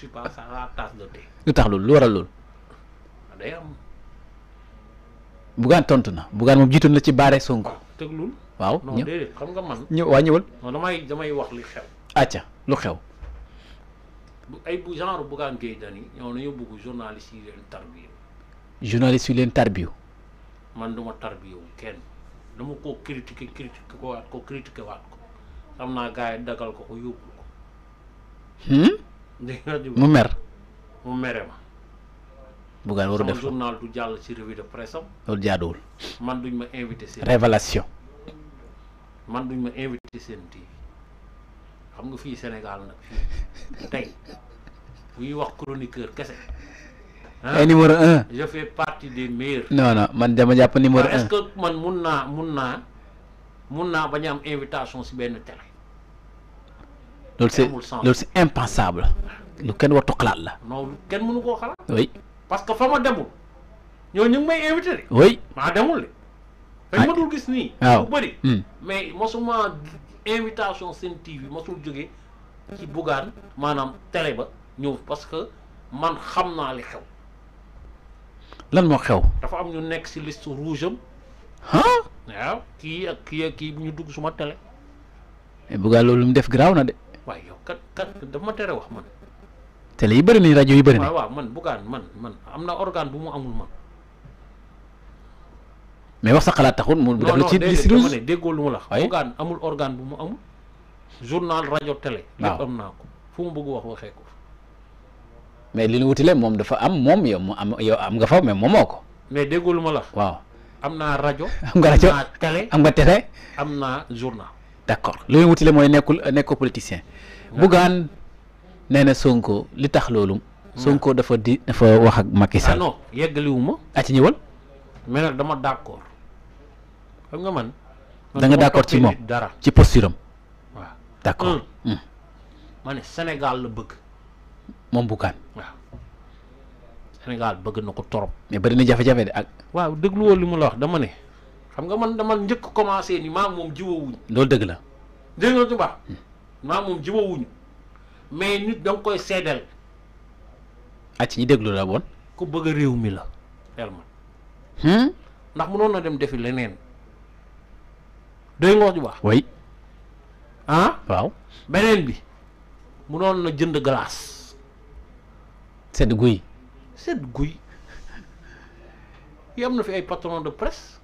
je pense la tasse de lu tax loolu lu waral loolu. day tontu na Bougane moom jiitu na ci Baare Sonko. Ah, tëglul waaw non xam nga man. ñëw waa ñëwal. non damay damay wax li xew. acca lu xew. ay bu genre Bougane Gueye Dany ñoo nañu bugg journaliste yi leen tarbiyu. journaliste yi leen tarbiyu. man duma tarbiyu kenn dama ko critiquer critiquer ko waat ko critiquer waat ko xam naa gars yi ko ko yóbbu ko. Hmm? mu mer. mu mere ma. Bougane waru def sama journal du jàll ci revue de presse am. loolu jaaduwul. man duñ ma invité seen. révélation man duñ ma invité seen TV xam nga fii Sénégal nag fii tey bu ñuy wax chroniqueur kese. ay numéro un. je fais partie des meilleurs. non non man dama jàpp numéro un. est man mun naa mun naa mun naa bañ am invitation si benn télé. loolu c'est loolu c'est impensable lu kenn wartu xalaat la. non kenn mënu koo xalaat. oui parce que fa ma demul ñoo ñu may invité de. oui maa demul de. Ah. dañ ma dul gis nii. waaw ah. bu hmm. mais mosuma invitation seen TV mosul jógee ci Bougane maanaam télé ba ñëw parce que man xam naa li xew. lan moo xew. dafa am ñu nekk si liste rouge am. ah. waaw kii ak kii ak kii ñu dugg suma télé. mais eh, Bougane loolu mu def garaaw na de. waaye yow kat kat dafa ma tere wax man. télé yi bëri nañ rajo yi bëri nañ. waaw waaw man bugaan man man am na organe bu mu amul man. mais wax sa xalaat taxul mu. def la ci déggoo lu ma la bu mu amul. journal rajo waaw am naa ko bëgg wax mais li ñu moom dafa am moom yow nga fa mais moomoo ko. mais ma la. am naa rajo. nga rajo am naa journal. d'accord li muy wutile moy nekkul nekkoo politicien. bu gan neena Sonko li tax loolu. Sonko dafa di dafa wax ak Macky Sall. ah non wuma a ah, ci ñewal mais nak dama d'accord xam nga man. da nga d'accord ci mom dara ci posturam wa d'accord. ma Sénégal la bëgg. mom bu waaw Sénégal bëgg nako torop. mais bari na jafé jafé ak. waaw deglu wol limu wax dama ne. xam nga man dama njëkk commencé ni maa moom jiwawuñu loolu dëgg la dégg nga tubaab hmm. maa moom jiwawuñu mais nit danga koy seedeel ac ah, ñi déglu la ku bëgg a réew mi la hmm? ndax mënoon na dem defi leneen dégg nga wax ah waaw bi mënoon na jënd glace sedd guy sedd guy yam na fi ay patron de presse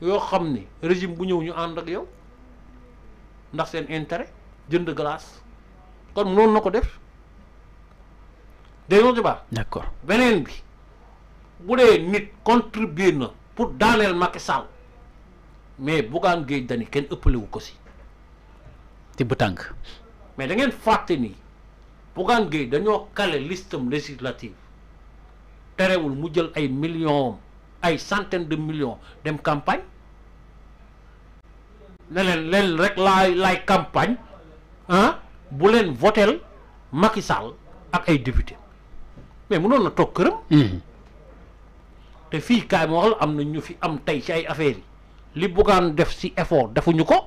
yo xam régime bu ñew ñu and ak yow ndax seen intérêt jënd glace kon non nako ko def dañoo ba d'accord benen bi bu dé nit contribuer na pour daniel Macky Sall mais geej Gueye ken ëppalé wu ko ci ci bu tank mais da ngeen faté ni Bougane geej dañoo calé liste législative téréwul mu jël ay millions ay centaines de millions dem campagne ne leen rek laay laay campagne bu leen votel Macky Sall ak ay député mais mënoon na toog këram. Hmm. te fii kaay moo wax la am na ñu fi am tey ci ay affaires yi li buggaan def ci effort defuñu ko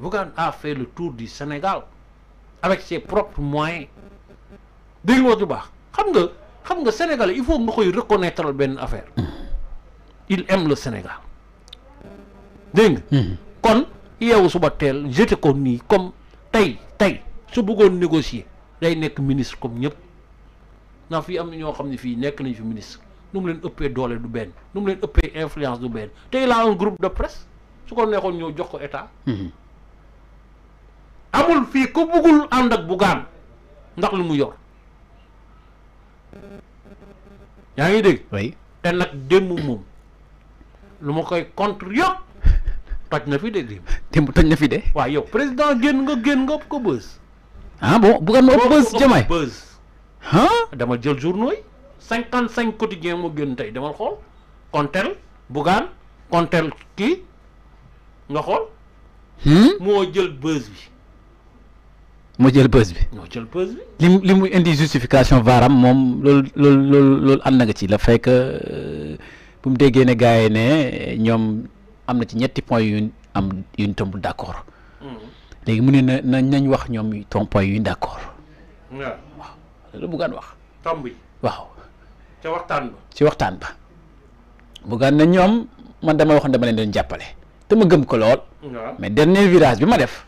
buggaan a fait le tour di Sénégal avec ses propres moyens dégg nga bu baax xam nga. xam nga Sénégal il faut nga koy reconnaître benn affaire. il aime le Sénégal. dégg nga. Mm-hmm. kon yeewu suba teel jete ko nii comme tey tey su bëggoon négocier day nekk ministre comme ñëpp ndax fii am na ñoo xam ne fii nekk nañ fi ministre nu mu leen ëppee doole du benn nu mu leen ëppee influence du benn tey la un groupe de presse su ko neexoon ñëw jox ko état. Mm-hmm. amul fii ku bëggul ànd ak Bougane ndax lu mu yor. yaa ngi dégg. oui te nag démb moom lu ma koy contre yëpp toj na fi de démb. démb toj na fi de. waaw yow président génn nga génn nga ëpp ko bës. ah bon bu nga ëpp bës jamaay bës. dama jël journaux cinquante cinq quotidien moo génn tey dama xool kontel bugaan kontel kii nga xool. Hmm? moo jël bës bi. mo jël bës bi. mu jël bi. lim li indi justification varam moom loolu loolu loolu am ci la fekk euh, bu mu déggee ne gars yi ne ñoom ci ñetti point yu am accord. Hmm. mu ne na nañ wax ñoom ton point waaw le wax. tomb waaw. ci waxtaan ba. ci waxtaan ba. na ñoom man dama ko mais dernier virage bi ma def.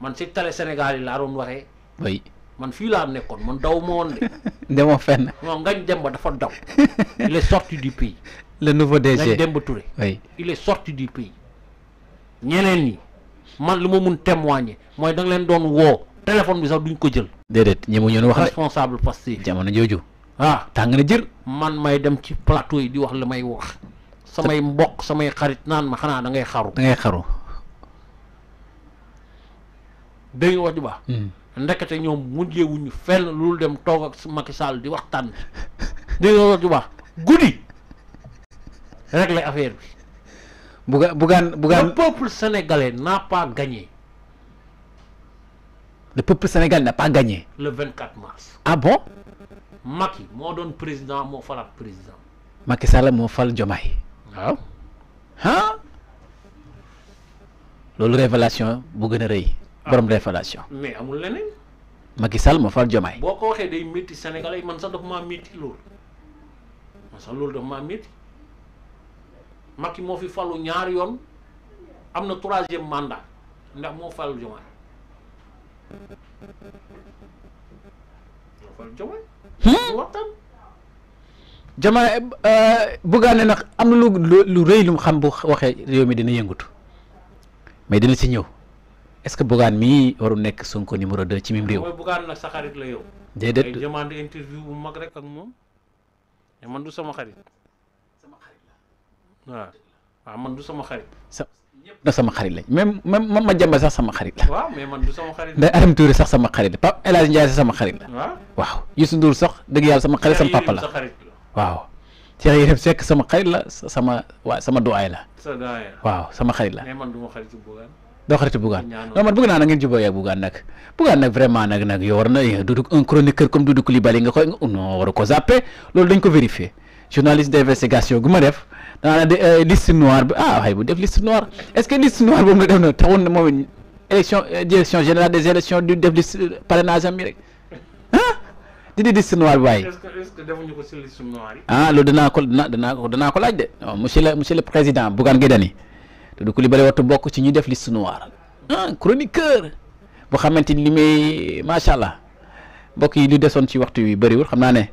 man si télé Sénégal yi laa doon waxee. oui man fii laa nekkoon man daw ma woon de. demoo fenn. non Ngagne Demba dafa daw. il est sorti du pays. le nouveau DG Ngagne Demba Touré. oui il est sorti du pays. ñeneen ñi man lu ma mun témoigner mooy da leen doon woo téléphone bi sax duñ ko jël. déedéet ñemu ñoon wax responsable Pastef jamono jooju. Ah. tax nga na jër. man may dem ci plateau yi di wax la may wax. samay mbokk samay xarit naan ma xanaa da ngay xaru. da ngay xaru. day wax ju baax hmm. ndekete ñom mujjé wuñu fenn lul dem tok ak Macky Sall di waxtan day wax ju baax guddi rek la affaire bi Bouga, Bougan, Bougan... Le peuple sénégalais n'a pas gagné. Le peuple sénégal n'a pas gagné. Le 24 mars. Ah bon Macky mo don président, mo fala président. Macky Sall, mo fal jomay Ah. ha lolu révélation, bu gëna reuy Ah, borom révélation mais amul leneen Macky Sall mo fal jomay boko waxe day metti sénégalais man sax daf ma metti lool man sax lool daf ma metti Macky mo fi falu ñaar yoon amna 3e mandat ndax mo fal jomay jama am lu lu lu xam bu dina mais dina est ce que bogan mi waru nek Sonko numéro 2 ci mim rew moy bogan nak sakarit la yow dedet je mande interview bu mag rek ak mom e man du sama xarit sama xarit la wa nah, ah, man du sama xarit sa nah, sama xarit lañ même même ma jamba sax sama xarit la wa mais man du sama xarit da nah, Aram Touré sax sama xarit pap Pape El Ndiaye sax sama xarit la wa wa yusu Ndour sax deug yalla sama xarit sama papa la wa Cheikh Yérim Seck sama xarit la sama wa sama doaay la waaw sama xarit la mais man du xarit doo xaritu Bougane non man naa na ngeen jubóo ak nag Bougane nag vraiment nag nag yow na eh, Doudou un chroniqueur comme Doudou Coulibaly nga koy oh, non ko zappé loolu dañ ko vérifié journaliste d'investigation gu ma def danaa ne euh, liste noire bi ah waaye bu def liste noire est-ce que liste noire boobu na taxul ne moom élection euh, direction générale des élections du def liste euh, parrainage am yi rek ah bi waaye. est-ce que est-ce que defuñu ko si liste ah, danaa ko laaj de monsieur le le président Bougane Guèye Dany te du Coulibaly wattu bokk ci ñu def li noire ah chroniqueur bu xamante ni li muy macha allah mbokk yi lu desoon ci waxtu wi bëriwul xam naa ne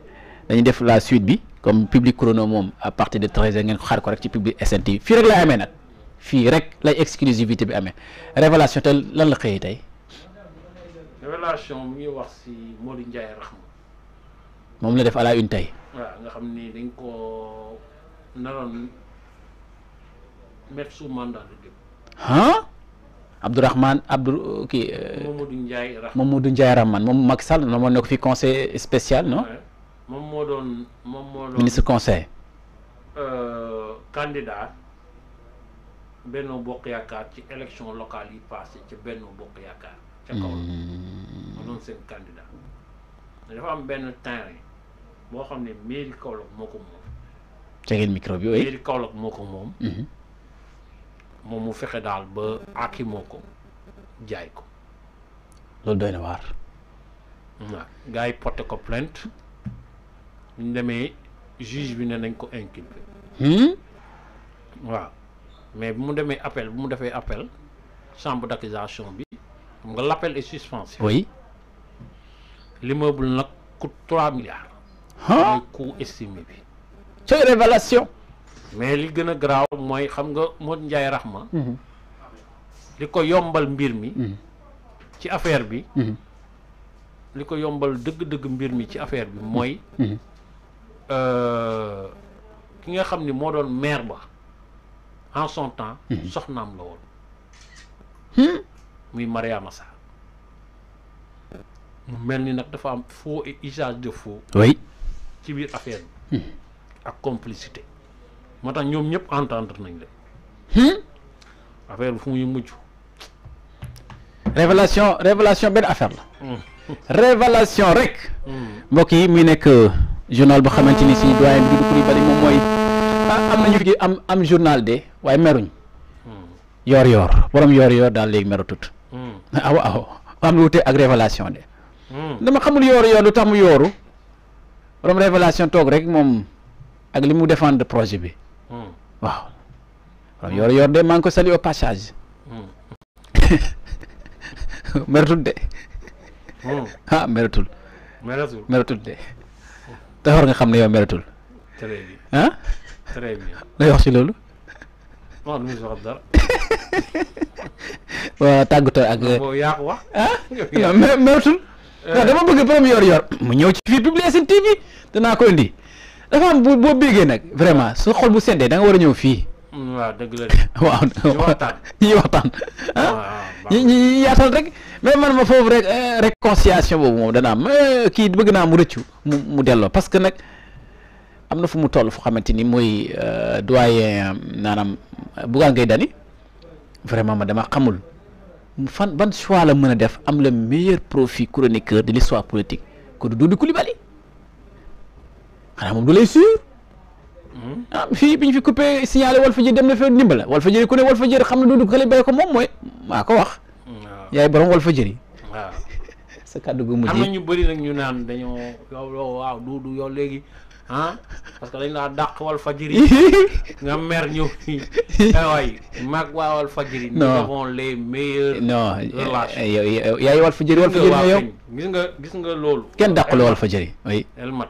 dañu def la suite bi comme public chrono moom à partir de treize heures ngeen ko xaar ko rek ci public SNTV fii rek lay amee nag fii rek lay exclusivité bi amee révélation te lan la xëyee tey. révélation mu ngi wax si Modou Ndiaye Rahma. moom la def à une tey. waaw nga xam ni dañ ko mettre sous mandat de hein? dépôt. ah Abdourahmane Abdou euh, kii. Euh, Mamadou Ndiaye Rahman Mamadou Ndiaye Rahman moom Macky Sall moom moo fi conseil spécial non. moom moo doon moom ministre conseil. euh, candidat Benno Bokk Yaakaar ci élection locale yi passé ca Benno Bokk Yaakaar. ca kaw hmm. moo doon candidat. dafa am benn terrain boo xam ne mairie Kaolack moo ko moom. jege micro bi oui mairie Kaolack moo ko mon mu fexe daal ba aakimoo ko jay ko. loolu doy na waar. waaw ko plainte ñu démé juge bi né nañ ko inculpé. Hmm? wa mais bu mu démé appel bu mu défé appel chambre d'accusation bi nga l'appel est suspensif. oui. l'immeuble nak coûte trois milliards. mooy coût estimé bi. c'est révélation mais li gën a garaaw mooy xam nga Modou Ndiaye Rahma mhm. li ko yombal mbir mi mhm. ci affaire bi mhm. li ko yombal dëgg-dëgg mbir mi ci affaire bi mooy euh, ki nga xam ni moo doon maire ba en son temps soxnaam la woon hmm? muy Mariama Sarr mu mel ni nag dafa am faux et usage de faux oui ci biir affaire bi hmm. ak complicité moo tax ñoom ñëpp entendre nañ leen. Hmm? affaire bi fu muy mujj. révélation révélation benn affaire la. Hmm. révélation rek. Hmm. mbokk muy nekk euh, journal bu xamante ni si doyen moom mooy ah, am nañu fi am am journal de waaye meruñ. yoor-yoor borom yoor-yoor daal léegi merutut. Ah, aw aw am lu wute ak révélation de. dama xamul yoor-yoor lu tax mu yooru borom révélation toog rek moom ak li mu défendre projet bi. waaw yor yor de maa ngi ko sali au passage meratul de ah meratul meratul de te war nga xam ne yow meratul très bien ah très bien lay wax ci loolu waaw lu muy wax dara waaw tàggatoo ak yaa ko wax ah meratul dama bëgg borom yor yor mu ñëw ci fii publier seen TV danaa ko indi dafa am bu boo béggee nag vraiment su xol bu seddee danga war a ñëw fii. Mm, waaw dëgg la waaw ñu waxtaan ñu waxtaan ah, ah, yaatal rek mais man ma foofu rek euh, boobu moom dana am kii bëgg naa mu rëccu mu mu delloo parce que nag am na fu mu toll fu xamante ni mooy euh, doyen naanaam Bougane Gueye Dany vraiment ma dama xamul fan ban choix la mën a def am le meilleur profit chroniqueur de l'histoire politique ko du Doudou Coulibaly xanaa moom du lay suivre hmm? ah fii bi ñu fi coupé signalé Walfadjri dem na fa ndimbala Walfadjri ku ne Walfadjri xam ne Doudou Coulibaly ko moom mooy maa ko wax. Hmm, yaay borom Walfadjri. waaw sa kàddu gu mujj. am na ñu ñu naan dañoo yow waaw Doudou léegi ah, parce que dañ laa dàq Walfadjri nga mer ñëw fii waay mag waa Walfadjri. non nous avons les meilleures eh, eh, eh, yaay Walfadjri Walfadjri yow. gis nga gis nga loolu. kenn dàqul Walfadjri oui. Elmat.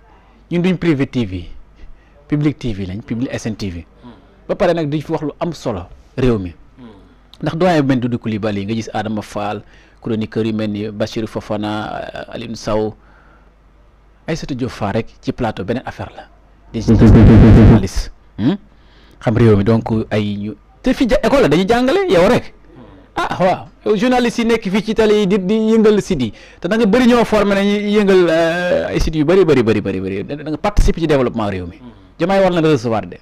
ñun duñ privé TV public TV lañ public SNTV. Hmm. ba pare nag duñ fi wax lu am solo réew mi. Hmm. ndax doyen bu mel ni Doudou Coulibaly nga gis Adama Fall chroniqueur yu mel ni Bachir Fofana Alioune Sow Aïssatou Diop Fall rek ci plateau beneen affaire la. di ci journaliste hmm? xam réew mi donc ay ñu te fi ja école la dañuy jàngale yow rek. ah wa journaliste yi nek fi ci tali yi di di yëngal site yi te da nga bari ñoo formé nañu yëngal eh, ay sidi yu bari bari bari bari bari da nga participer ci développement réew mi mm-hmm. jamaay war na recevoir de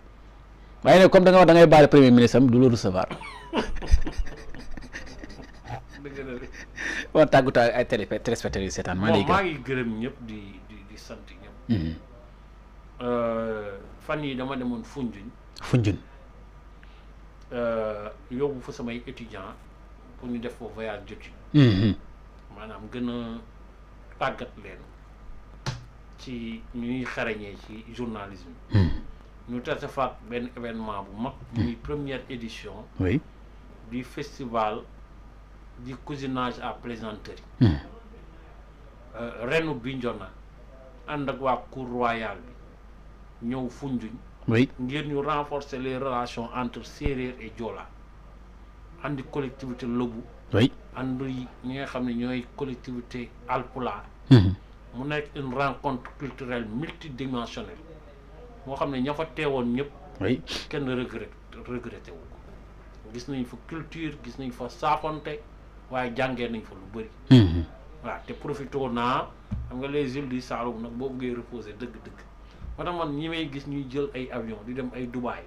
waaye nag comme da nga wax da ngay bari premier ministre am du lo recevoir wa tàggu tàggu ay télé téléspectateurs yi sétane ma lay maa ngi gërëm ñëpp di di di sant ñëpp mm-hmm. euh, fan yi dama demone demoon Foundiougne Foundiougne euh, yóbbu fa samay étudiant pour nous def un voyage d'étude mhm. maanaam gën a tàggat leen ci ñuy xarañee ci journalisme mhm. ñu fait un événement bu la mhm. première édition oui du festival du cousinage à plaisanterie euh, Renou ànd ak cour royale nous avons oui ngir ñu renforcer les relations entre séeréer et jola àndi collectivité lobu oui ànd ñi nga xam ne ñooy collectivité alpulaar mhm. mu nekk une rencontre culturelle multidimensionnelle moo xam ne ñoo fa teewoon ñëpp oui kenn regret regretté ko gis nañ fa culture gis nañ fa saafonte waaye jàngee nañ fa lu bëri waa mhm. te profité naa xam nga les îles du Saloum nag boo bëggee reposer dëgg-dëgg moo tax man ñi may gis ñuy jël ay avion di dem ay Dubaï